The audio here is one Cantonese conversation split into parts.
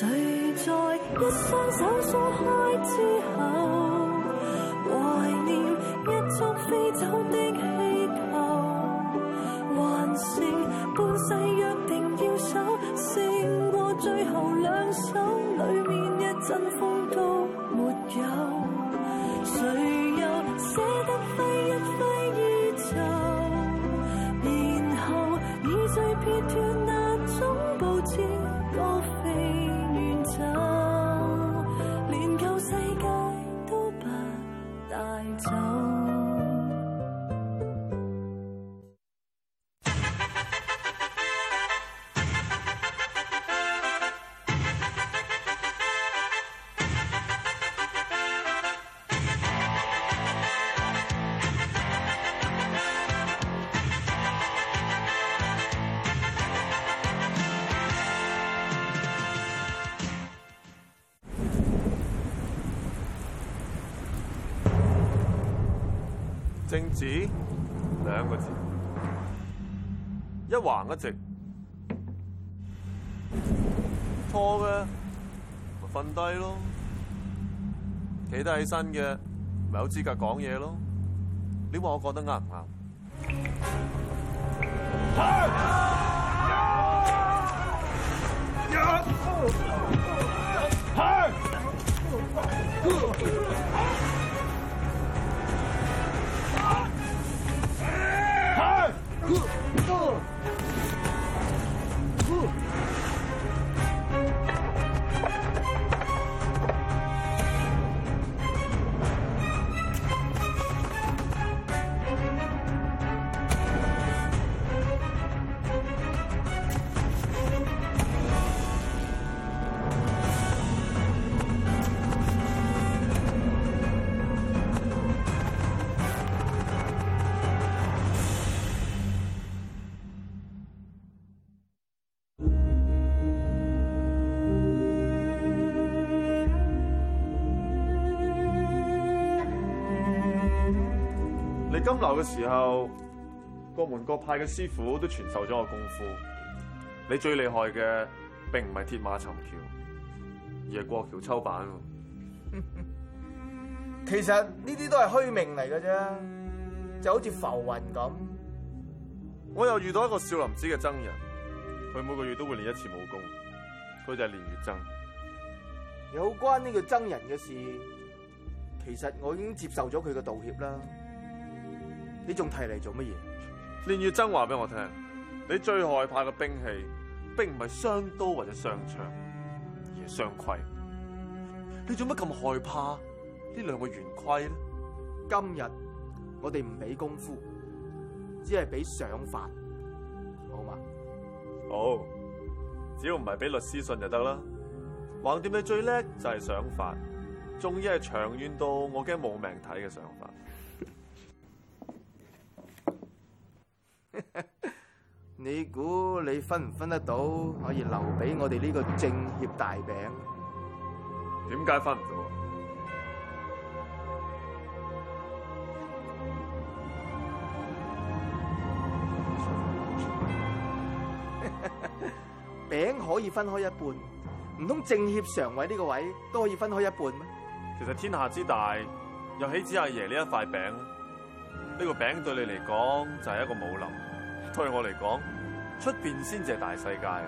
誰在一雙手鬆開之後懷念？橫一直，拖嘅，嘅咪瞓低咯，企得起身嘅咪有資格講嘢咯，你話我覺得啱唔啱？金樓嘅時候，各門各派嘅師傅都傳授咗我的功夫。你最厲害嘅，並唔係鐵馬尋橋，而係過橋抽板。 其實呢啲都係虛名嚟嘅啫，就好似浮雲咁。我又遇到一個少林寺嘅僧人，佢每個月都會練一次武功，佢就係練月僧。有關呢個僧人嘅事，其實我已經接受咗佢嘅道歉啦。你仲提嚟做乜嘢？練月真話俾我聽，你最害怕嘅兵器，並唔係雙刀或者雙槍，而係雙盔。你做乜咁害怕呢兩個圓盔呢？今日我哋唔俾功夫，只係俾想法，好嘛？好，oh，只要唔係俾律師信就得啦。橫掂你最叻就係想法，仲要係長遠到我驚冇命睇嘅想法。 你估你分唔分得到？可以留俾我哋呢個政協大餅？點解分唔到？餅 可以分開一半，唔通政協常委呢個位都可以分開一半咩？其實天下之大，又豈止阿爺呢一塊餅？呢、這個餅對你嚟講就係一個武林。對我嚟講，出邊先至係大世界啊！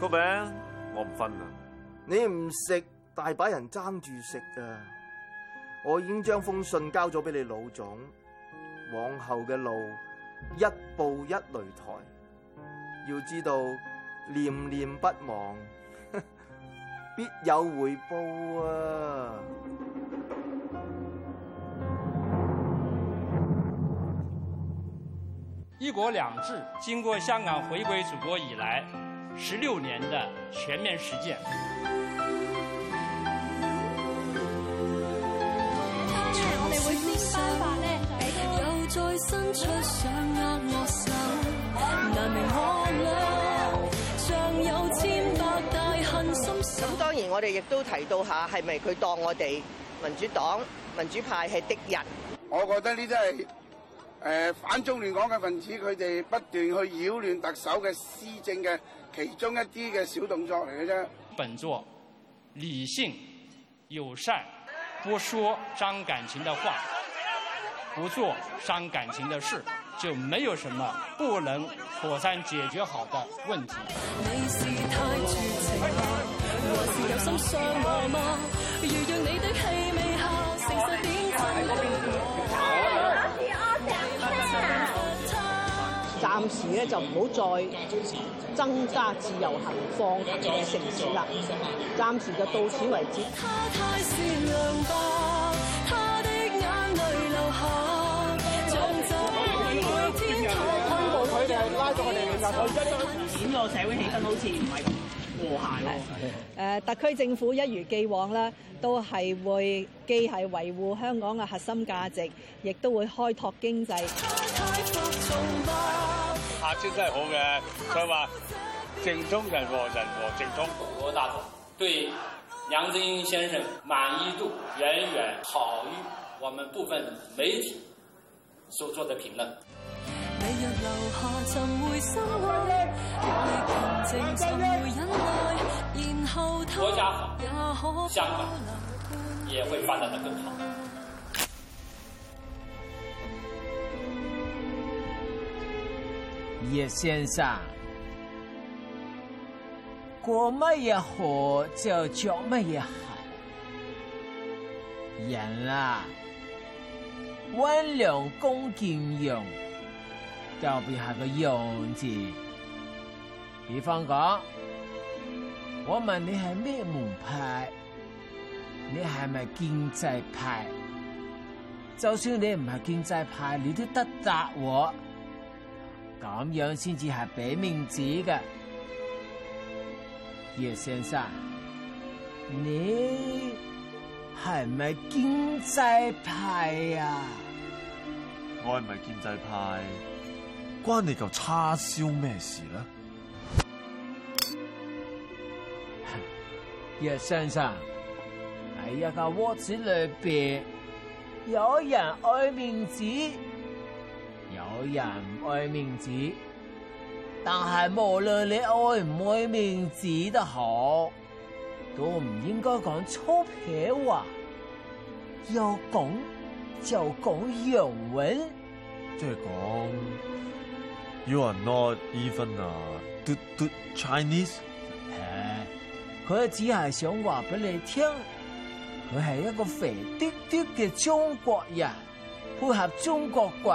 個餅我唔分啦，你唔食大把人爭住食噶。我已經將封信交咗俾你老總，往後嘅路一步一擂台，要知道念念不忘，必有回報啊！一國兩制經過香港回歸祖國以來十六年的全面實踐。咁當然，我哋亦都提到下，係咪佢當我哋民主黨、民主派係敵人？我覺得呢啲係。誒、呃、反中亂港嘅分子，佢哋不斷去擾亂特首嘅施政嘅其中一啲嘅小動作嚟嘅啫。本座理性友善，不說傷感情的話，不做傷感情的事，就沒有什麼不能妥善解決好的問題。暫時咧就唔好再增加自由行放嘅城市啦，暫時就到此為止。佢哋，個社會氣氛好似唔係咁和諧咯。誒，特區政府一如既往咧，都係會既係維護香港嘅核心價值，亦都會開拓經濟。他就在係好嘅，所以話，政通人和，人和政通。我贊同。中國大眾對，梁振英先生滿意度遠遠好於我們部分媒體所做的評論。國家好，香港也會發展得更好。葉先生，過乜嘢河就著乜嘢鞋，人啊，溫良恭儉讓，特別係個讓字。比方講，我問你係咩門派，你係咪經濟派？就算你唔係經濟派，你都得答我。咁樣先至係俾面子噶葉先生，你係咪建制派啊？我係唔係建制派？關你嚿叉燒咩事呢？葉先生，喺一個窩子裏邊，有人愛面子，有人。愛面子，但係無論你愛唔愛面子都好，都唔應該講粗鄙話。要講就講洋文，即係講，You are not even a 嘟嘟 Chinese。佢只係想話俾你聽，佢係一個肥嘟嘟嘅中國人，配合中國崛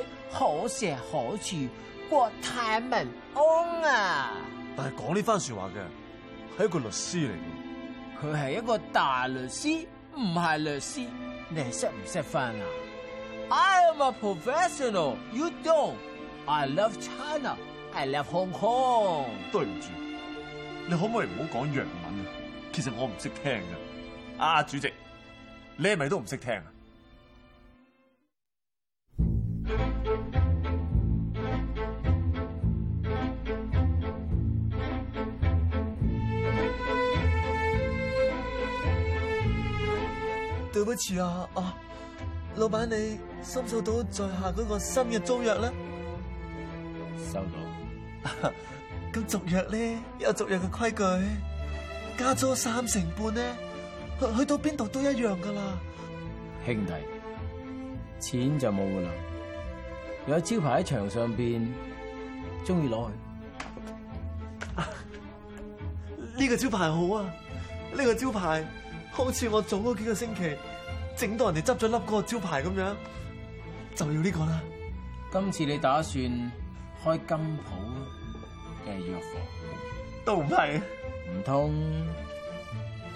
起。可射可處，國泰民安啊，但是！但係講呢番說話嘅係一個律師嚟嘅，佢係一個大律師，唔係律師。你係識唔識分啊？I am a professional. You don't. I love China. I love Hong Kong. 對唔住，你可唔可以唔好講洋文啊？其實我唔識聽嘅。啊，主席，你係咪都唔識聽啊？對不住啊！啊，老闆，你收唔收到在下嗰個新嘅租約咧？收到。咁、啊、續約咧，有續約嘅規矩，加咗三成半咧，去到邊度都一樣噶啦。兄弟，錢就冇噶啦，有招牌喺牆上邊，中意攞去。呢、啊這個招牌好啊！呢、這個招牌好似我早嗰幾個星期。整到人哋執咗粒嗰個招牌咁樣，就要呢個啦。今次你打算開金鋪嘅定係藥房？都唔係。唔通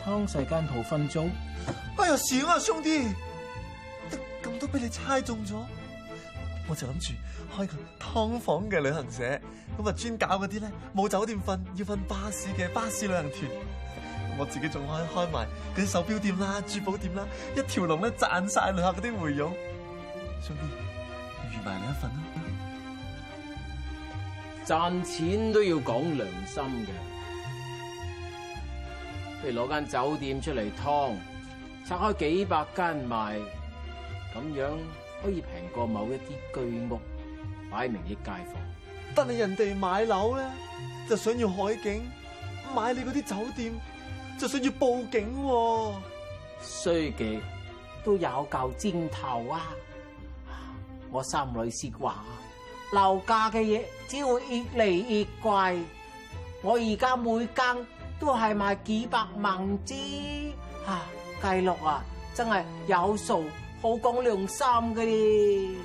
劏細間鋪分租？哎呀，少啊兄弟，咁都俾你猜中咗。我就諗住開個劏房嘅旅行社，咁啊專搞嗰啲咧冇酒店瞓要瞓巴士嘅巴士旅行團。我自己仲可以開埋嗰啲手表店啦、珠寶店啦，一條龍咧賺晒旅客嗰啲回佣。順便預埋你一份啦，賺錢都要講良心嘅。不如攞間酒店出嚟劏，拆開幾百間賣，咁樣可以平過某一啲居屋，擺明益街坊。但係人哋買樓咧，就想要海景，買你嗰啲酒店。就算要報警、啊，衰嘅都有舊磚頭啊！我心裏說話，樓價嘅嘢只會越嚟越貴。我而家每間都係賣幾百萬支，吓、啊，計落啊，真係有數，好講良心嘅咧、啊。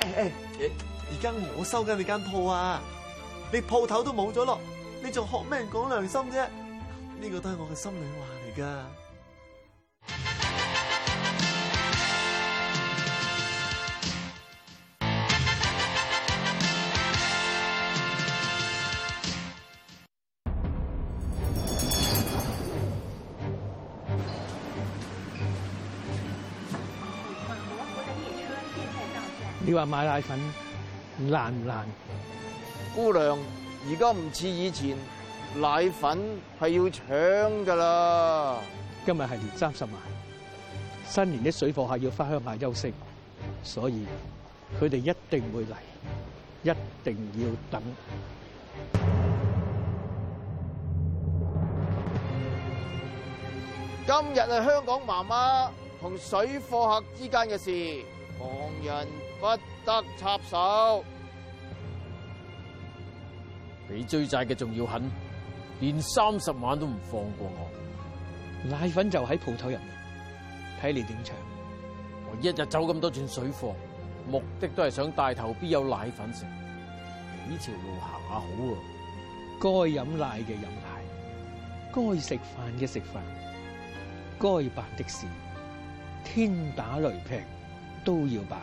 誒、哎、誒，而、哎、家我收緊你間鋪啊，你鋪頭都冇咗咯，你仲學咩人講良心啫、啊？呢個都係我嘅心裏話嚟㗎。你話買奶粉難唔難？姑娘，而家唔似以前。奶粉係要搶噶啦！今日係年三十晚，新年啲水貨客要翻鄉下休息，所以佢哋一定會嚟，一定要等。今日係香港媽媽同水貨客之間嘅事，旁人不得插手，比追債嘅仲要狠。連三十萬都唔放過我，奶粉就喺鋪頭入面，睇你點搶。我一日走咁多轉水貨，目的都係想帶頭必有奶粉食。呢條路行下好啊，該飲奶嘅飲奶，該食飯嘅食飯，該辦的事，天打雷劈都要辦。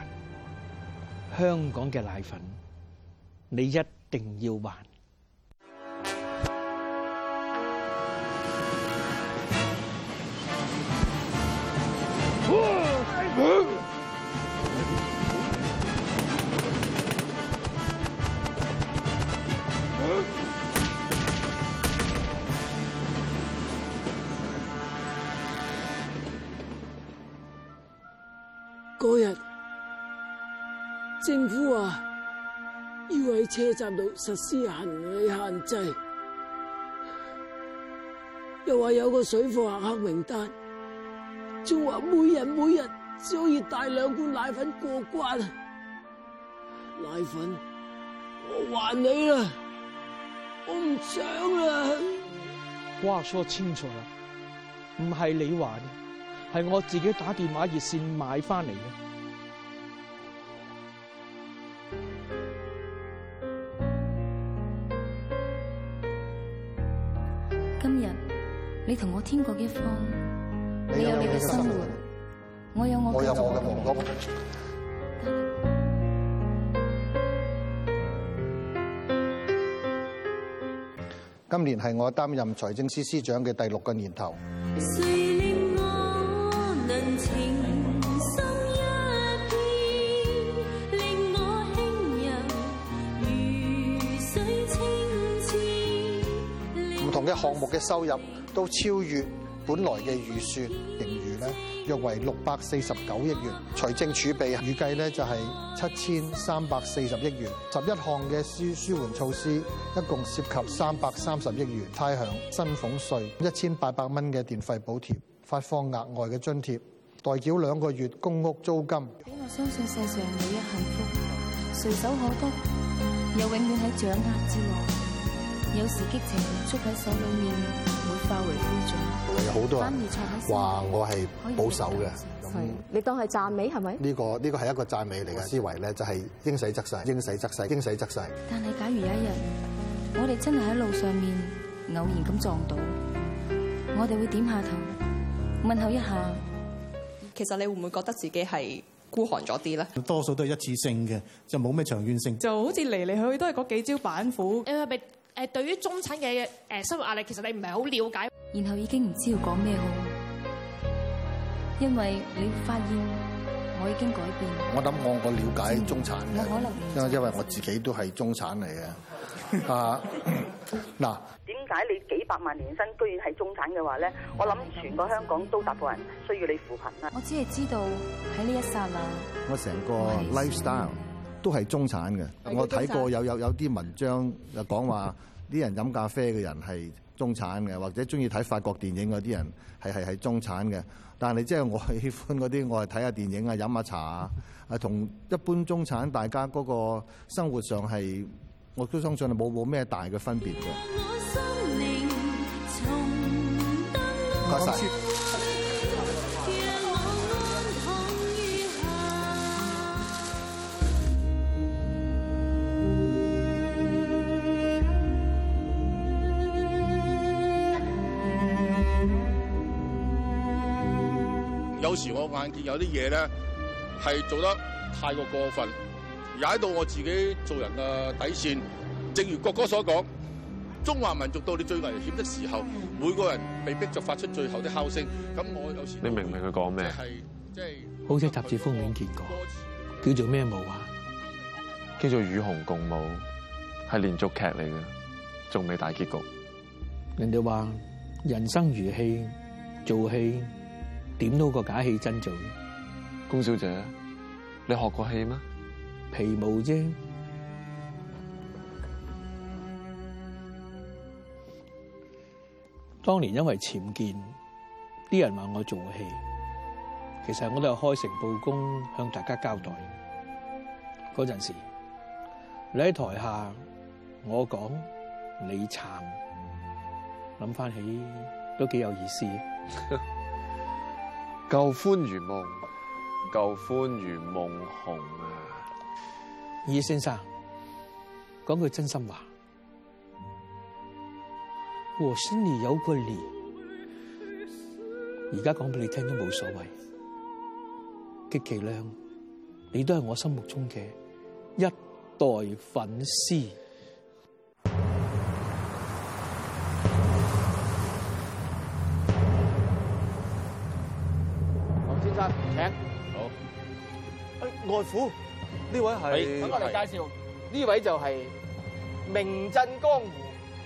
香港嘅奶粉，你一定要還。嗰日政府話要喺車站度實施行李限制，又話有個水貨客名單，仲話每人每日只可以帶兩罐奶粉過關。奶粉我還你啦，我唔想啦。話說清楚啦，唔係你話。係我自己打電話熱線買翻嚟嘅。今日你同我天各一方，你有你嘅生活，我有我嘅忙碌。今年係我擔任財政司司長嘅第六個年頭。 項目嘅收入都超越本來嘅預算盈餘呢，約為六百四十九億元。財政儲備預計呢就係七千三百四十億元。十一項嘅舒舒緩措施一共涉及三百三十億元，差餉、薪俸稅、一千八百蚊嘅電費補貼、發放額外嘅津貼、代繳兩個月公屋租金畀。我相信世上每一幸福隨手可得，又永遠喺掌握之內。有時激情捉喺手裏面，會化為灰燼。有好多人話我係保守嘅，你當係讚美係咪？呢個呢個係一個讚美嚟嘅思維咧，就係應勢則勢，應勢則勢，應勢則勢。但係假如有一日，我哋真係喺路上面偶然咁撞到，我哋會點下頭，問候一下。其實你會唔會覺得自己係孤寒咗啲咧？多數都係一次性嘅，就冇咩長遠性。就好似嚟嚟去去都係嗰幾招板斧。誒對於中產嘅誒生活壓力，其實你唔係好了解。然後已經唔知道要講咩好，因為你發現我已經改變。我諗我，我了解中產，因為因為我自己都係中產嚟嘅啊嗱。點 解 你幾百萬年薪居然係中產嘅話咧？ 我諗全個香港都大部分人需要你扶貧啦。我只係知道喺呢一剎啊，我成個 lifestyle，都係中產嘅，我睇過有有有啲文章就講話啲人飲咖啡嘅人係中產嘅，或者中意睇法國電影嗰啲人係係係中產嘅。但係你即係我係喜歡嗰啲，我係睇下電影啊，飲下茶啊，係同一般中產大家嗰個生活上係，我都相信冇冇咩大嘅分別嘅。多謝。我眼見有啲嘢，咧，係做得太過過分，踩到我自己做人嘅底線。正如國歌所講，中華民族到你最危險的時候，每個人被逼着發出最後的吼聲。咁我有時，你明唔明佢講咩？係即係，好似雜誌封面見過，叫做咩舞啊？叫做與熊共舞，係連續劇嚟嘅，仲未大結局。人哋話人生如戲，做戲。點到個假戲真做？公小姐，你學過戲咩？皮毛啫。當年因為僭建，啲人話我做戲，其實我都有開誠布公向大家交代。嗰陣時，你喺台下，我講你撐，諗翻起都幾有意思。舊歡如夢，舊歡如夢紅啊！葉先生，講句真心話，我心裏有個你，而家講俾你聽都冇所謂。極其量，你都係我心目中的一代粉絲。請好，哎、外父呢位係，咁我哋介紹，呢位就係名震江湖、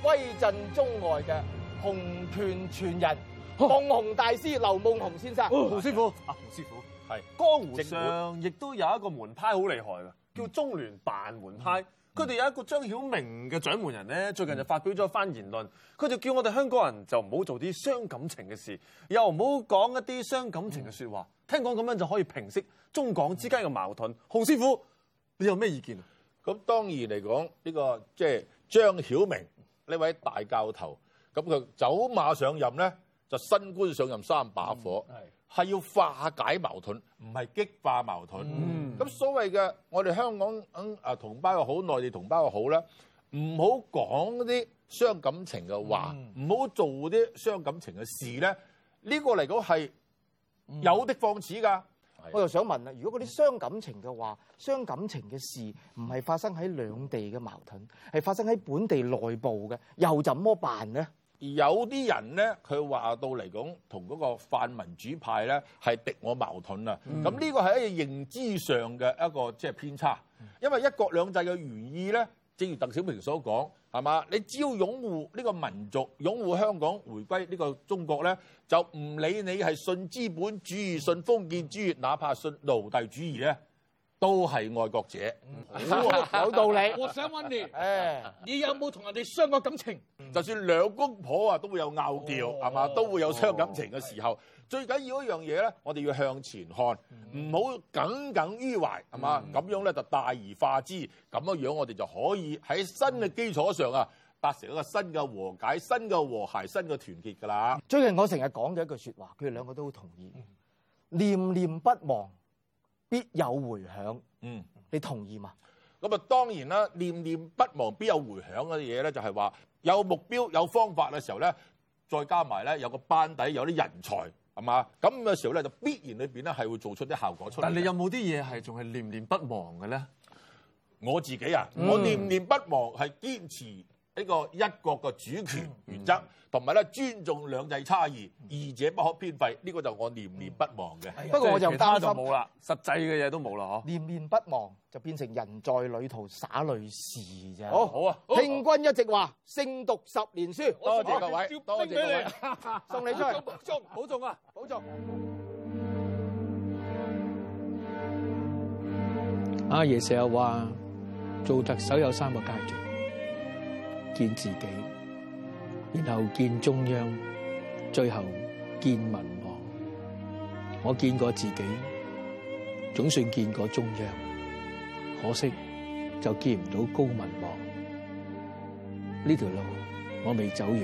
威震中外嘅洪拳傳人、當洪大師劉夢熊先生。洪、哦、師傅，啊洪師傅，係江湖上亦都有一個門派好厲害嘅，叫中聯辦門派。佢哋有一個張曉明嘅掌門人咧，最近就發表咗一番言論，佢就叫我哋香港人就唔好做啲傷感情嘅事，又唔好講一啲傷感情嘅説話，嗯、聽講咁樣就可以平息中港之間嘅矛盾。嗯、洪師傅，你有咩意見啊？咁當然嚟講，呢、這個即係、就是、張曉明呢位大教頭，咁佢走馬上任咧。就新官上任三把火，係、嗯、係要化解矛盾，唔係激化矛盾。咁、嗯、所謂嘅我哋香港嗯啊同胞又好，內地同胞又好咧，唔好講啲傷感情嘅話，唔、嗯、好做啲傷感情嘅事咧。呢、呢個嚟講係有的放矢㗎、嗯。我又想問啦，如果嗰啲傷感情嘅話、傷感情嘅事唔係發生喺兩地嘅矛盾，係發生喺本地內部嘅，又怎麼辦咧？而有啲人咧，佢話到嚟講，同嗰個泛民主派咧係敵我矛盾啊！咁、嗯、呢個係一個認知上嘅一個即係、就是、偏差，因為一國兩制嘅原意咧，正如鄧小平所講，係嘛？你只要擁護呢個民族，擁護香港回歸呢個中國咧，就唔理你係信資本主義、信封建主義，哪怕信奴隸主義咧。都係愛國者，嗯、好有道理。我想問你，你有冇同人哋傷過感情？就算兩公婆啊，都會有拗撬，係嘛，都會有傷感情嘅時候。哦、最緊要一樣嘢咧，我哋要向前看，唔好耿耿於懷，係嘛？咁樣咧就大而化之，咁樣樣我哋就可以喺新嘅基礎上啊，達成一個新嘅和解、新嘅和諧、新嘅團結㗎啦。最近我成日講咗一句説話，佢哋兩個都好同意、嗯，念念不忘。必有回響，嗯，你同意嘛？咁啊，當然啦，念念不忘必有回響嘅嘢咧，就係、是、話有目標、有方法嘅時候咧，再加埋咧有個班底、有啲人才，係嘛，咁嘅時候咧就必然裏邊咧係會做出啲效果出嚟。但你有冇啲嘢係仲係念念不忘嘅咧？我自己啊，我念念不忘係堅持。嗯。呢、這個一國嘅主權原則，同埋咧尊重兩制差異，二、嗯、者不可偏廢。呢、這個就我念念不忘嘅、哎。不過我就擔心冇啦，實際嘅嘢都冇啦嗬。念念不忘就變成人在旅途灑淚時啫。好，好啊。聽君一席話，勝讀十年書。多謝各位，多謝各位，送你出去。保重，保重啊，保重。保重，保重啊，保重。阿爺成日話，做特首有三個階段。見自己，然後見中央，最後見民望。我見過自己，總算見過中央，可惜就見唔到高民望。呢條路我未走完，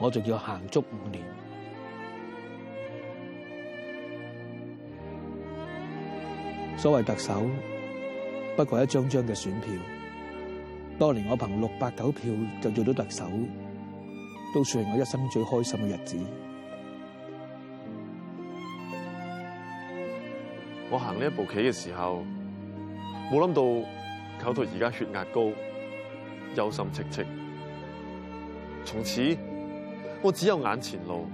我仲要行足五年。所謂特首，不過一張張嘅選票。當年我憑六百九票就做到特首，都算係我一生最開心嘅日子。我行呢一步棋嘅時候，冇諗到搞到而家血壓高，憂心戚戚。從此我只有眼前路，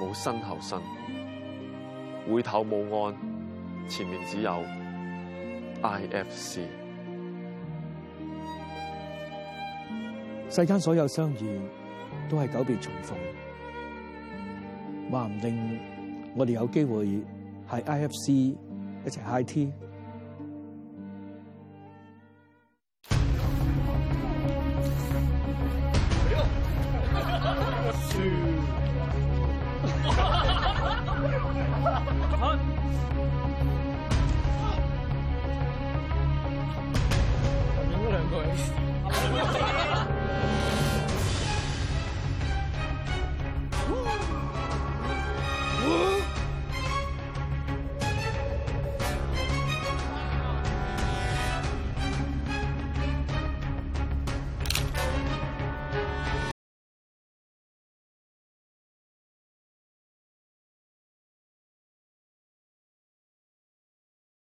冇身後身，回頭冇岸，前面只有 IFC。世間所有相遇都係久別重逢，話唔定我哋有機會喺 I F C 一齊 IT